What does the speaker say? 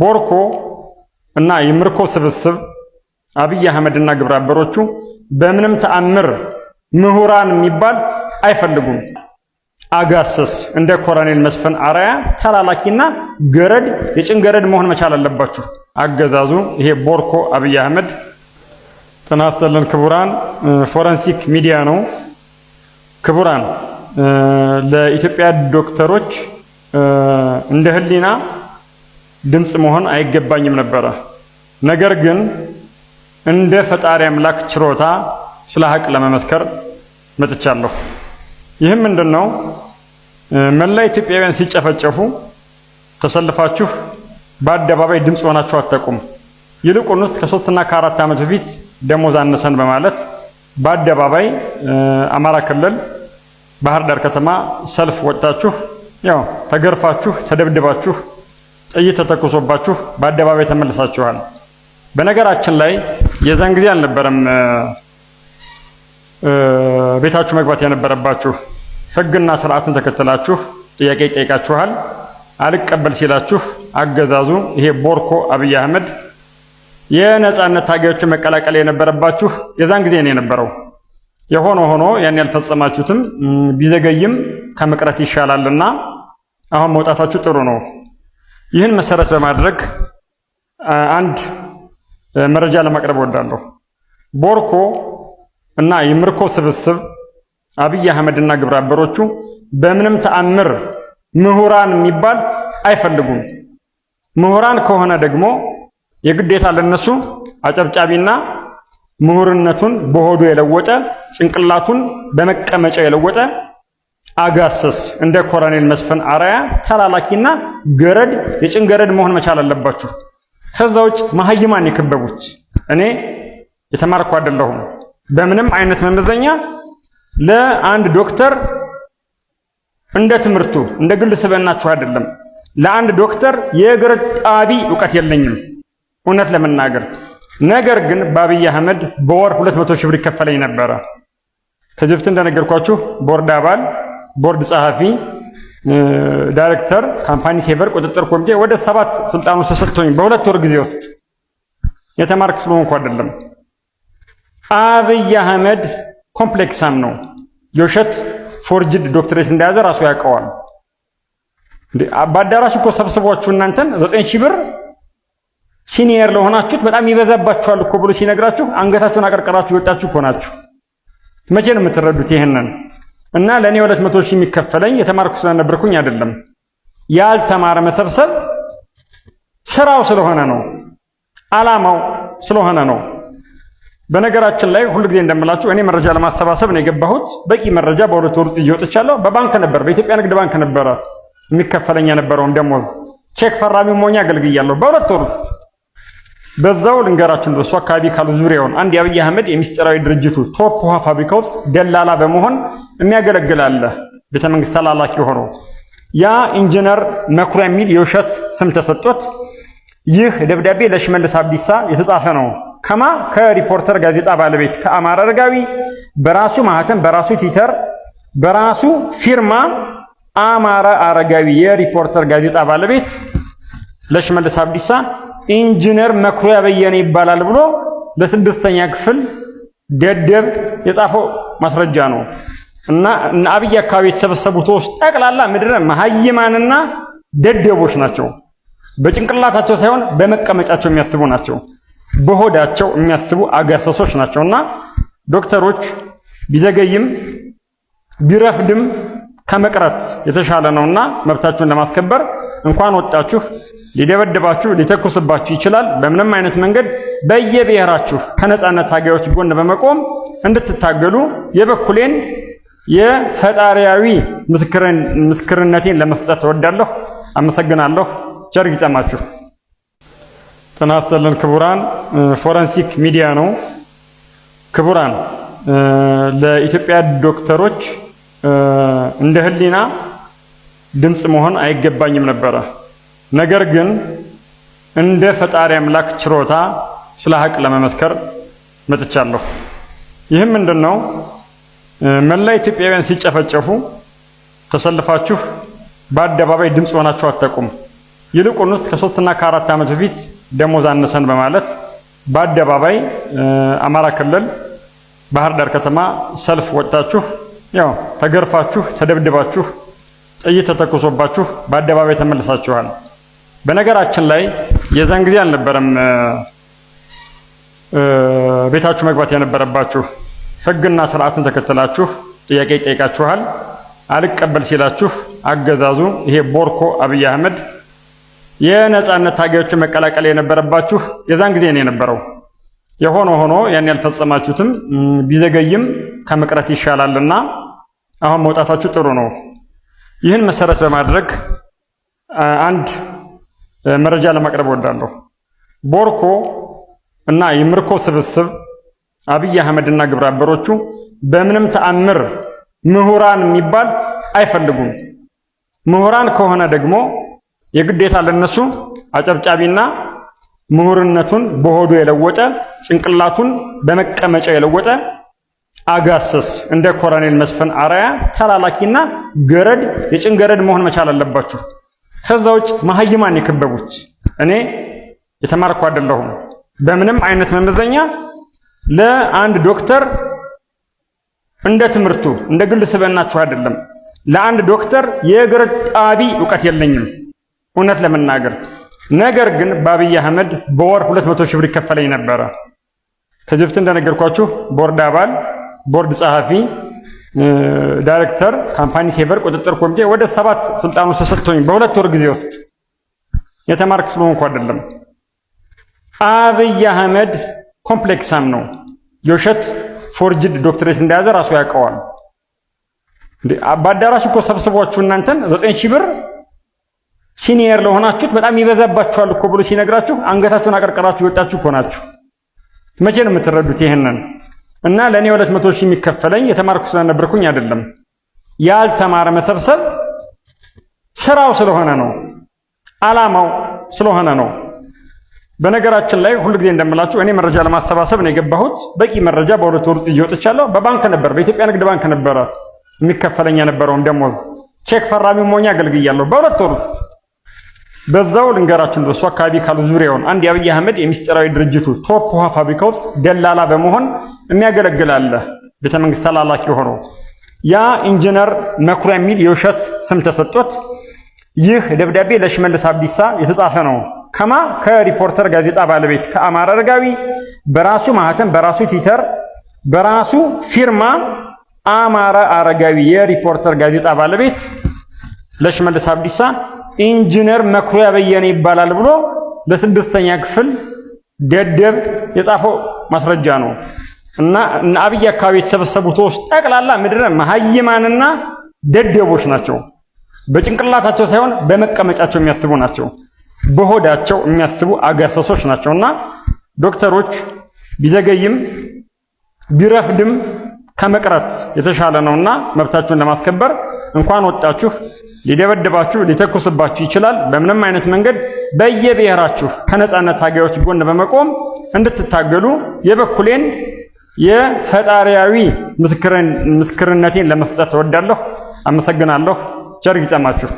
ቦርኮ እና የምርኮ ስብስብ አብይ አህመድና አበሮቹ በምንም ተአምር ምሁራን የሚባል አይፈልጉም። አጋሰስ እንደ ኮሎኔል መስፍን አርአያ ተላላኪና ገረድ የጭን ገረድ መሆን መቻል አለባችሁ። አገዛዙ ይሄ ቦርኮ አብይ አህመድ ጥናት ክቡራን፣ ፎረንሲክ ሚዲያ ነው። ክቡራን ለኢትዮጵያ ዶክተሮች እንደ ህሊና ድምፅ መሆን አይገባኝም ነበረ። ነገር ግን እንደ ፈጣሪ አምላክ ችሮታ ስለ ሀቅ ለመመስከር መጥቻለሁ። ይህም ምንድን ነው? መላ ኢትዮጵያውያን ሲጨፈጨፉ ተሰልፋችሁ በአደባባይ ድምፅ ሆናችሁ ይልቁን ውስጥ ከሶስትና ከአራት ዓመት በፊት ደሞዝ አነሰን በማለት በአደባባይ አማራ ክልል ባህር ዳር ከተማ ሰልፍ ወጥታችሁ ያው ተገርፋችሁ ተደብድባችሁ ጥይት ተተኩሶባችሁ በአደባባይ ተመልሳችኋል። በነገራችን ላይ የዛን ጊዜ አልነበረም ቤታችሁ መግባት የነበረባችሁ። ህግና ስርዓትን ተከትላችሁ ጥያቄ ይጠይቃችኋል። አልቀበል ሲላችሁ አገዛዙ ይሄ ቦርኮ አብይ አህመድ የነጻነት ታጋዮችን መቀላቀል የነበረባችሁ የዛን ጊዜ ነው የነበረው። የሆነ ሆኖ ያን ያልፈጸማችሁትም ቢዘገይም ከመቅረት ይሻላልና አሁን መውጣታችሁ ጥሩ ነው። ይህን መሰረት በማድረግ አንድ መረጃ ለማቅረብ እወዳለሁ። ቦርኮ እና የምርኮ ስብስብ አብይ አህመድ እና ግብረ አበሮቹ በምንም ተአምር ምሁራን የሚባል አይፈልጉም። ምሁራን ከሆነ ደግሞ የግዴታ ለነሱ አጨብጫቢና ምሁርነቱን በሆዱ የለወጠ ጭንቅላቱን በመቀመጫ የለወጠ አጋሰስ እንደ ኮሎኔል መስፍን አርአያ ተላላኪና ገረድ የጭን ገረድ መሆን መቻል አለባችሁ። ከዛ ውጭ መሀይማን የከበቡት እኔ የተማርኩ አይደለሁም። በምንም አይነት መመዘኛ ለአንድ ዶክተር እንደ ትምህርቱ እንደ ግል ስብዕናችሁ አይደለም። ለአንድ ዶክተር የገረድ ጣቢ እውቀት የለኝም እውነት ለመናገር ነገር ግን በአብይ አህመድ በወር 200 ሺህ ብር ይከፈለኝ ነበረ። ትዝብት እንደነገርኳችሁ ቦርድ አባል ቦርድ ጸሐፊ፣ ዳይሬክተር፣ ካምፓኒ ሴቨር፣ ቁጥጥር ኮሚቴ ወደ ሰባት ስልጣኑ ተሰጥቶኝ በሁለት ወር ጊዜ ውስጥ የተማርክ ስለሆንኩ አይደለም። አብይ አህመድ ኮምፕሌክሳም ነው። የውሸት ፎርጅድ ዶክትሬት እንደያዘ ራሱ ያውቀዋል። በአዳራሽ እኮ ሰብስቧችሁ እናንተን ዘጠኝ ሺህ ብር ሲኒየር ለሆናችሁት በጣም ይበዛባችኋል እኮ ብሎ ሲነግራችሁ አንገታችሁን አቀርቀራችሁ የወጣችሁ እኮ ናችሁ። መቼ ነው የምትረዱት ይህንን? እና ለእኔ ሁለት መቶ ሺህ የሚከፈለኝ የተማርኩ ስለነበርኩኝ አይደለም። ያልተማረ መሰብሰብ ስራው ስለሆነ ነው፣ አላማው ስለሆነ ነው። በነገራችን ላይ ሁሉ ጊዜ እንደምላችሁ እኔ መረጃ ለማሰባሰብ ነው የገባሁት። በቂ መረጃ በሁለት ወር ውስጥ እየወጥቻለሁ። በባንክ ነበር፣ በኢትዮጵያ ንግድ ባንክ ነበረ የሚከፈለኝ የነበረውን ደሞዝ። ቼክ ፈራሚ ሞኛ አገልግያለሁ በሁለት ወር ውስጥ በዛው ልንገራችን በሱ አካባቢ ካሉ ዙሪያውን አንድ የአብይ አህመድ የሚስጢራዊ ድርጅቱ ቶፕ ውሃ ፋብሪካ ውስጥ ደላላ በመሆን የሚያገለግላለ ቤተ መንግስት ተላላኪ ሆኖ ያ ኢንጂነር መኩሪያ የሚል የውሸት ስም ተሰጥቶት ይህ ደብዳቤ ለሽመልስ አብዲሳ የተጻፈ ነው። ከማ ከሪፖርተር ጋዜጣ ባለቤት ከአማራ አረጋዊ በራሱ ማህተም በራሱ ትዊተር በራሱ ፊርማ አማራ አረጋዊ የሪፖርተር ጋዜጣ ባለቤት ለሽመልስ አብዲሳ ኢንጂነር መኩሪያ በየነ ይባላል ብሎ በስድስተኛ ክፍል ደደብ የጻፈው ማስረጃ ነው። እና አብይ አካባቢ የተሰበሰቡት ውስጥ ጠቅላላ ምድረ መሀይማንና ደደቦች ናቸው። በጭንቅላታቸው ሳይሆን በመቀመጫቸው የሚያስቡ ናቸው። በሆዳቸው የሚያስቡ አጋሰሶች ናቸውና ዶክተሮች ቢዘገይም ቢረፍድም ከመቅረት የተሻለ ነውና መብታችሁን ለማስከበር እንኳን ወጣችሁ ሊደበድባችሁ ሊተኩስባችሁ ይችላል። በምንም አይነት መንገድ በየብሔራችሁ ከነጻነት ታጋዮች ጎን በመቆም እንድትታገሉ የበኩሌን የፈጣሪያዊ ምስክርነቴን ለመስጠት እወዳለሁ። አመሰግናለሁ። ቸር ይግጠማችሁ። ጤና ይስጥልን። ክቡራን ፎረንሲክ ሚዲያ ነው። ክቡራን ለኢትዮጵያ ዶክተሮች እንደ ህሊና ድምፅ መሆን አይገባኝም ነበረ። ነገር ግን እንደ ፈጣሪ አምላክ ችሮታ ስለ ሀቅ ለመመስከር መጥቻለሁ። ይህም ምንድን ነው? መላ ኢትዮጵያውያን ሲጨፈጨፉ ተሰልፋችሁ በአደባባይ ድምፅ ሆናችሁ ይልቁን ውስጥ ከሶስትና ከአራት ዓመት በፊት ደሞዝ አነሰን በማለት በአደባባይ አማራ ክልል ባህር ዳር ከተማ ሰልፍ ወጥታችሁ ያው ተገርፋችሁ፣ ተደብድባችሁ፣ ጥይት ተተኩሶባችሁ በአደባባይ ተመልሳችኋል። በነገራችን ላይ የዛን ጊዜ አልነበረም ቤታችሁ መግባት የነበረባችሁ። ህግና ስርዓትን ተከትላችሁ ጥያቄ ይጠይቃችኋል። አልቀበል ሲላችሁ አገዛዙ ይሄ ቦርኮ አብይ አህመድ የነጻነት ታጋዮች መቀላቀል የነበረባችሁ የዛን ጊዜ ነው የነበረው። የሆነ ሆኖ ያን ያልፈጸማችሁትም ቢዘገይም ከመቅረት ይሻላልና አሁን መውጣታችሁ ጥሩ ነው። ይህን መሰረት በማድረግ አንድ መረጃ ለማቅረብ እወዳለሁ። ቦርኮ እና የምርኮ ስብስብ አብይ አህመድ እና ግብረ አበሮቹ በምንም ተአምር ምሁራን የሚባል አይፈልጉም። ምሁራን ከሆነ ደግሞ የግዴታ ለነሱ አጨብጫቢና ምሁርነቱን በሆዱ የለወጠ ጭንቅላቱን በመቀመጫ የለወጠ አጋሰስ እንደ ኮሎኔል መስፍን አርአያ ተላላኪና ገረድ የጭን ገረድ መሆን መቻል አለባችሁ። ከዛ ውጭ መሀይማን የከበቡት እኔ የተማርኩ አይደለሁም። በምንም አይነት መመዘኛ ለአንድ ዶክተር እንደ ትምህርቱ እንደ ግል ስብዕናችሁ አይደለም። ለአንድ ዶክተር የገረድ ጣቢ እውቀት የለኝም እውነት ለመናገር ነገር ግን በአብይ አህመድ በወር 200 ሺህ ብር ይከፈለኝ ነበረ። ትዝብት እንደነገርኳችሁ ቦርድ አባል ቦርድ ጸሐፊ፣ ዳይሬክተር፣ ካምፓኒ ሴቨር፣ ቁጥጥር ኮሚቴ ወደ ሰባት ስልጣኑ ተሰጥቶኝ በሁለት ወር ጊዜ ውስጥ የተማርክ ስለሆንኩ አይደለም። አብይ አህመድ ኮምፕሌክሳም ነው። የውሸት ፎርጅድ ዶክትሬት እንደያዘ ራሱ ያውቀዋል። በአዳራሽ እኮ ሰብስቧችሁ እናንተን ዘጠኝ ሺህ ብር ሲኒየር ለሆናችሁት በጣም ይበዛባችኋል እኮ ብሎ ሲነግራችሁ አንገታችሁን አቀርቅራችሁ ይወጣችሁ እኮ ናችሁ። መቼ ነው የምትረዱት ይህንን? እና ለእኔ ሁለት መቶ ሺህ የሚከፈለኝ የተማርኩ ስለነበርኩኝ አይደለም። ያልተማረ መሰብሰብ ስራው ስለሆነ ነው፣ አላማው ስለሆነ ነው። በነገራችን ላይ ሁሉ ጊዜ እንደምላችሁ እኔ መረጃ ለማሰባሰብ ነው የገባሁት። በቂ መረጃ በሁለት ወር ውስጥ እየወጥቻለሁ። በባንክ ነበር፣ በኢትዮጵያ ንግድ ባንክ ነበረ የሚከፈለኝ የነበረውን ደሞዝ። ቼክ ፈራሚ ሞኛ አገልግያለሁ በሁለት ወር ውስጥ በዛው ልንገራችን በሱ አካባቢ ካሉ ዙሪያውን አንድ የአብይ አህመድ የሚስጥራዊ ድርጅቱ ቶፕ ውሃ ፋብሪካ ውስጥ ደላላ በመሆን የሚያገለግላለ ቤተ መንግስት ተላላኪ ሆኖ ያ ኢንጂነር መኩሪያ የሚል የውሸት ስም ተሰጦት ይህ ደብዳቤ ለሽመልስ አብዲሳ የተጻፈ ነው። ከማ ከሪፖርተር ጋዜጣ ባለቤት ከአማራ አረጋዊ በራሱ ማህተም በራሱ ትዊተር በራሱ ፊርማ አማራ አረጋዊ የሪፖርተር ጋዜጣ ባለቤት ለሽመልስ አብዲሳ ኢንጂነር መኩሪያ በየነ ይባላል ብሎ በስድስተኛ ክፍል ደደብ የጻፈው ማስረጃ ነው። እና እነ አብይ አካባቢ የተሰበሰቡ ሰዎች ጠቅላላ ምድረ መሀይማንና ደደቦች ናቸው። በጭንቅላታቸው ሳይሆን በመቀመጫቸው የሚያስቡ ናቸው። በሆዳቸው የሚያስቡ አጋሰሶች ናቸውና ዶክተሮች ቢዘገይም ቢረፍድም ከመቅረት የተሻለ ነውና መብታችሁን ለማስከበር እንኳን ወጣችሁ ሊደበድባችሁ ሊተኩስባችሁ ይችላል። በምንም አይነት መንገድ በየብሔራችሁ ከነጻነት ታጋዮች ጎን በመቆም እንድትታገሉ የበኩሌን የፈጣሪያዊ ምስክርነቴን ለመስጠት እወዳለሁ። አመሰግናለሁ። ቸር ይግጠማችሁ።